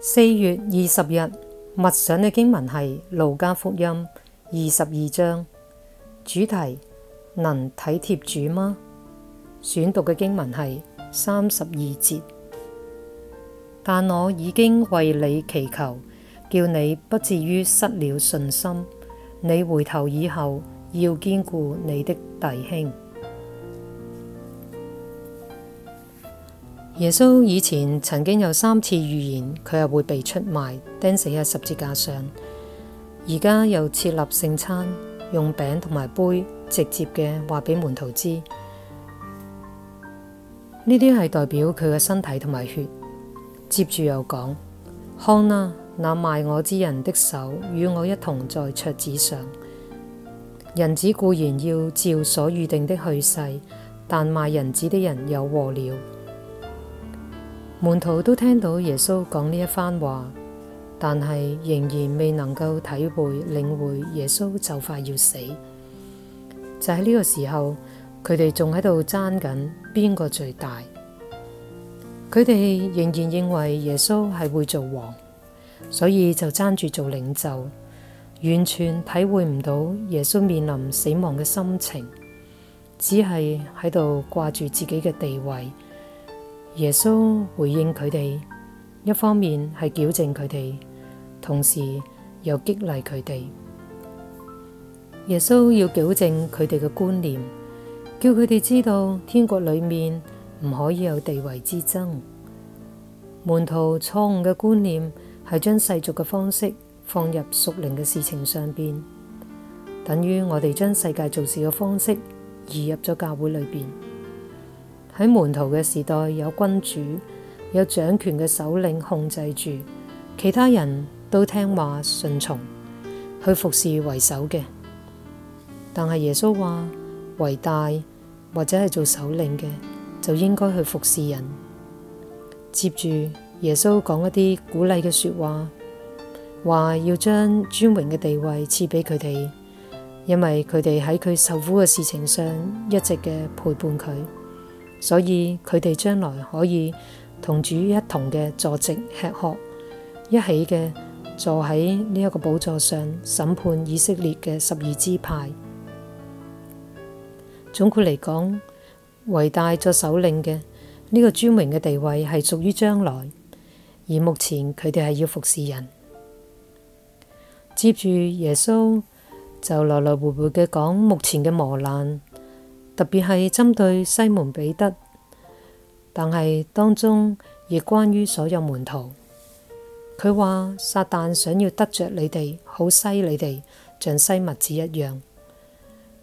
四月二十日默想嘅經文係《路加福音》二十二章，主題，能體貼主嗎？選讀嘅經文係三十二節，但我已經為你祈求，叫你不至於失了信心。你回頭以後，要堅固你的弟兄。耶穌以前曾經有三次預言，佢係會被出賣，釘死喺十字架上。而家又設立聖餐，用餅同埋杯直接嘅話俾門徒知，呢啲係代表佢嘅身體同埋血。接住又講：看哪，那賣我之人的手與我一同在桌子上。人子固然要照所預定的去世，但賣人子的人有禍了。門徒都聽到耶穌講呢一番話，但係仍然未能夠體會領會耶穌就快要死。就喺呢個時候，佢哋仲喺度爭緊邊個最大。佢哋仍然認為耶穌係會做王，所以就爭住做領袖，完全體會唔到耶穌面臨死亡嘅心情，只係喺度掛住自己嘅地位。耶穌回應佢哋，一方面係矯正佢哋，同時又激勵佢哋。耶穌要矯正佢哋嘅觀念，叫佢哋知道天國裏面唔可以有地位之爭。門徒錯誤嘅觀念係將世俗嘅方式放入屬靈嘅事情上邊，等於我哋將世界做事嘅方式移入咗教會裏邊。喺門徒嘅時代，有君主、有掌權嘅首領控制住，其他人都聽話順從、順從去服侍為首嘅。但係耶穌話，為大或者係做首領嘅就應該去服侍人。接住耶穌講一啲鼓勵嘅說話，話要將尊榮嘅地位賜俾佢哋，因為佢哋喺佢受苦嘅事情上一直嘅陪伴佢。所以佢哋將來可以同主一同嘅坐席吃喝，一起嘅坐喺呢一個寶座上審判以色列嘅十二支派。總括嚟講，偉大作首領嘅呢個尊榮嘅地位係屬於將來，而目前佢哋係要服侍人。接住耶穌就來來回回嘅講目前嘅磨難。特別係針對西門彼得，但係當中亦關於所有門徒。佢話，撒旦想要得著你哋，好篩你哋，像篩麥子一樣。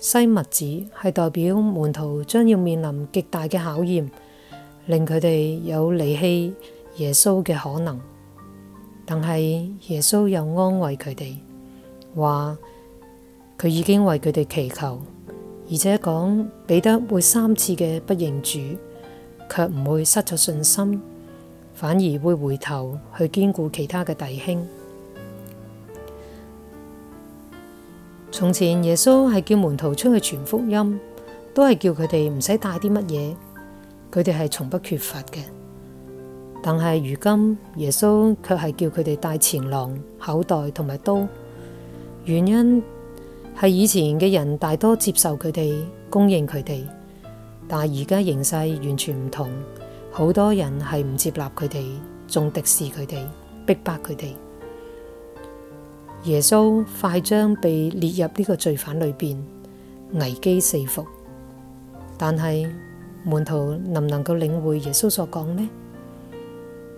篩麥子係代表門徒將要面臨極大嘅考驗，令佢哋有離棄耶穌嘅可能。但係耶穌又安慰佢哋，話佢已經為佢哋祈求。而且講彼得會三次嘅不認主，卻唔會失咗信心，反而會回頭去堅固其他嘅弟兄。從前耶穌係叫門徒出去傳福音，都係叫佢哋唔使帶啲乜嘢，佢哋係從不缺乏嘅。但係如今耶穌卻係叫佢哋帶錢囊、口袋同埋刀，原因。係以前嘅人大多接受佢哋，供應佢哋，但係而家形勢完全唔同，好多人係唔接納佢哋，仲敵視佢哋，逼迫佢哋。耶穌快將被列入呢個罪犯裏邊，危機四伏。但係門徒能唔能夠領會耶穌所講呢？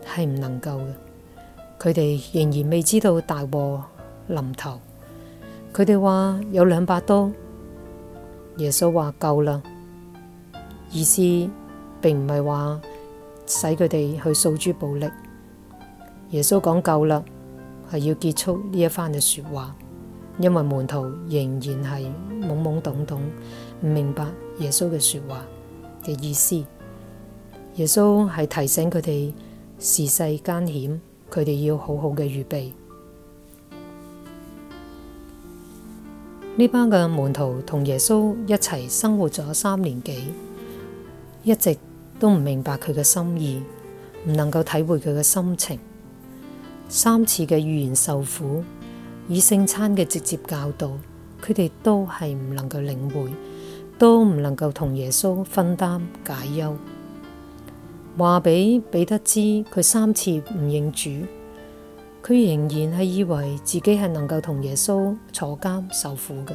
係唔能夠嘅，佢哋仍然未知道大禍臨頭。佢哋話有兩把刀，耶穌話夠啦，意思並唔係話使佢哋去訴諸暴力。耶穌講夠啦，係要結束呢一番嘅說話，因為門徒仍然係懵懵懂懂，唔明白耶穌嘅說話嘅意思。耶穌係提醒佢哋時勢艱險，佢哋要好好嘅預備。呢班嘅門徒同耶穌一齊生活咗三年幾，一直都唔明白佢嘅心意，唔能夠體會佢嘅心情。三次嘅預言受苦，以聖餐嘅直接教導，佢哋都係唔能夠領會，都唔能夠同耶穌分擔解憂。話俾彼得知，佢三次唔認主。佢仍然係以為自己係能夠同耶穌坐監受苦嘅，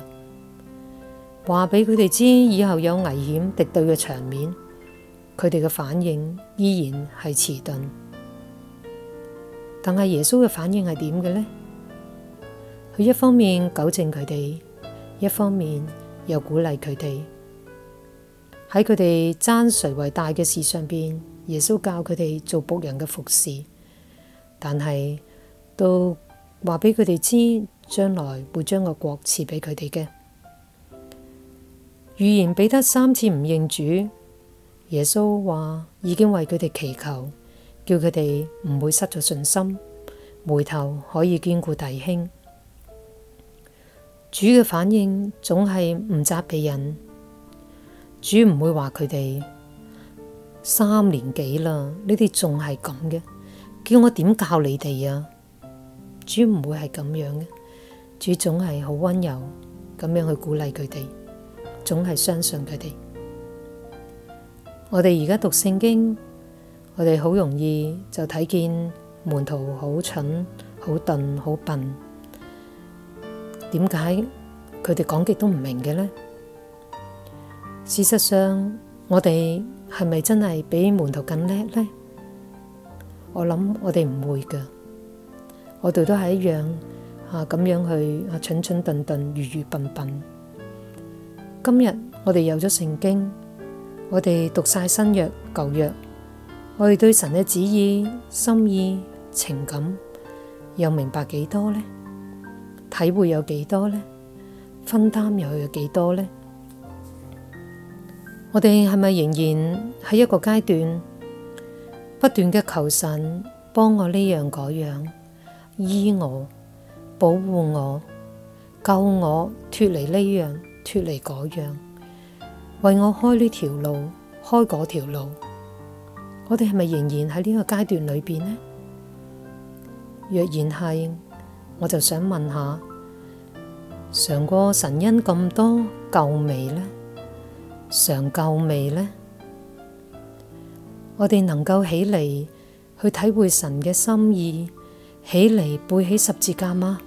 話俾佢哋知以後有危險敵對嘅場面，佢哋嘅反應依然係遲鈍。但係耶穌嘅反應係點嘅呢？佢一方面糾正佢哋，一方面又鼓勵佢哋喺佢哋爭誰為大嘅事上邊，耶穌教佢哋做僕人嘅服侍。但係，都話畀佢哋知，將來會將個國賜畀佢哋嘅預言。彼得三次唔認主，耶穌話已經為佢哋祈求，叫佢哋唔會失咗信心，回頭可以堅固弟兄。主嘅反應總係唔責備人，主唔會話佢哋三年幾啦，你哋仲係咁嘅，叫我點教你哋啊？主唔會係咁樣嘅，主總係好溫柔咁樣去鼓勵佢哋，總係相信佢哋。我哋而家讀聖經，我哋好容易就睇見門徒好蠢、好鈍、好笨，點解佢哋講極都唔明嘅呢？事實上，我哋係咪真係比門徒更叻呢？我諗我哋唔會嘅。我哋都係一樣啊，咁樣去蠢蠢頓頓、愚愚笨笨。今日我哋有咗聖經，我哋讀晒新約、舊約，我哋對神嘅旨意、心意、情感又明白幾多呢？體會有幾多呢？分擔又有幾多呢？我哋係咪仍然喺一個階段不斷嘅求神幫我呢樣嗰樣？醫我保護我救我脫離呢樣，脫離嗰樣，為我開呢條路，開嗰條路，我哋係咪仍然喺呢個階段裏邊呢？若然係，我就想問下，嘗過神恩咁多救未呢？嘗救未呢？我哋能夠起嚟去體會神嘅心意？起嚟背起十字架嗎？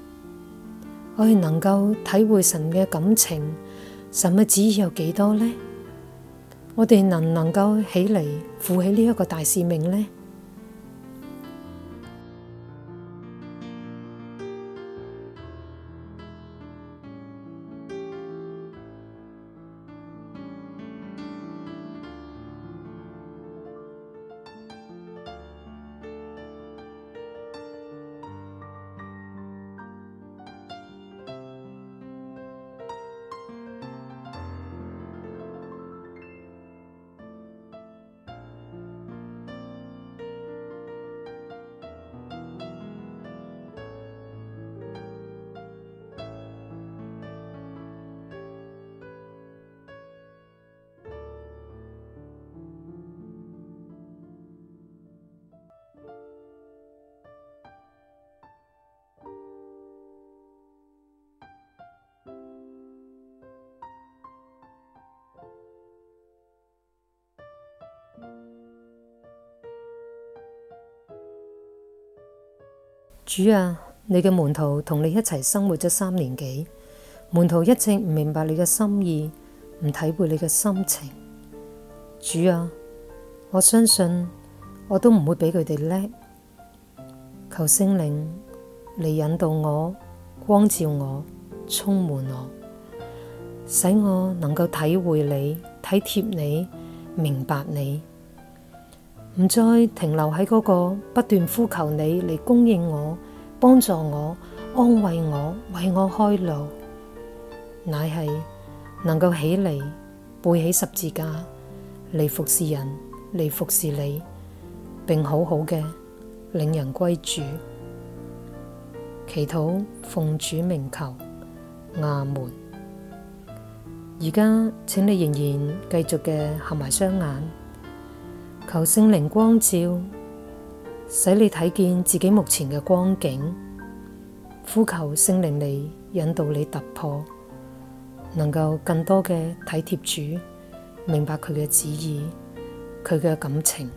我哋能夠體會神嘅感情，神嘅旨意有幾多呢？我哋能能夠起嚟負起呢一個大使命呢？主啊，你嘅門徒同你一齊生活咗三年幾，門徒一直唔明白你嘅心意，唔體會你嘅心情。主啊，我相信我都唔會比佢哋叻。求聖靈你引導我，光照我，充滿我，使我能夠體會你，體貼你，明白你。唔再停留喺嗰個不斷呼求你嚟供應我、幫助我、安慰我、為我開路，乃係能夠起嚟背起十字架嚟服侍人、嚟服侍你，並好好嘅令人歸主。祈禱奉主名求阿門。而家請你仍然繼續嘅合埋雙眼。求聖靈光照，使你睇見自己目前嘅光景，呼求聖靈嚟，你引導你突破，能夠更多嘅體貼主，明白佢嘅旨意，佢嘅感情。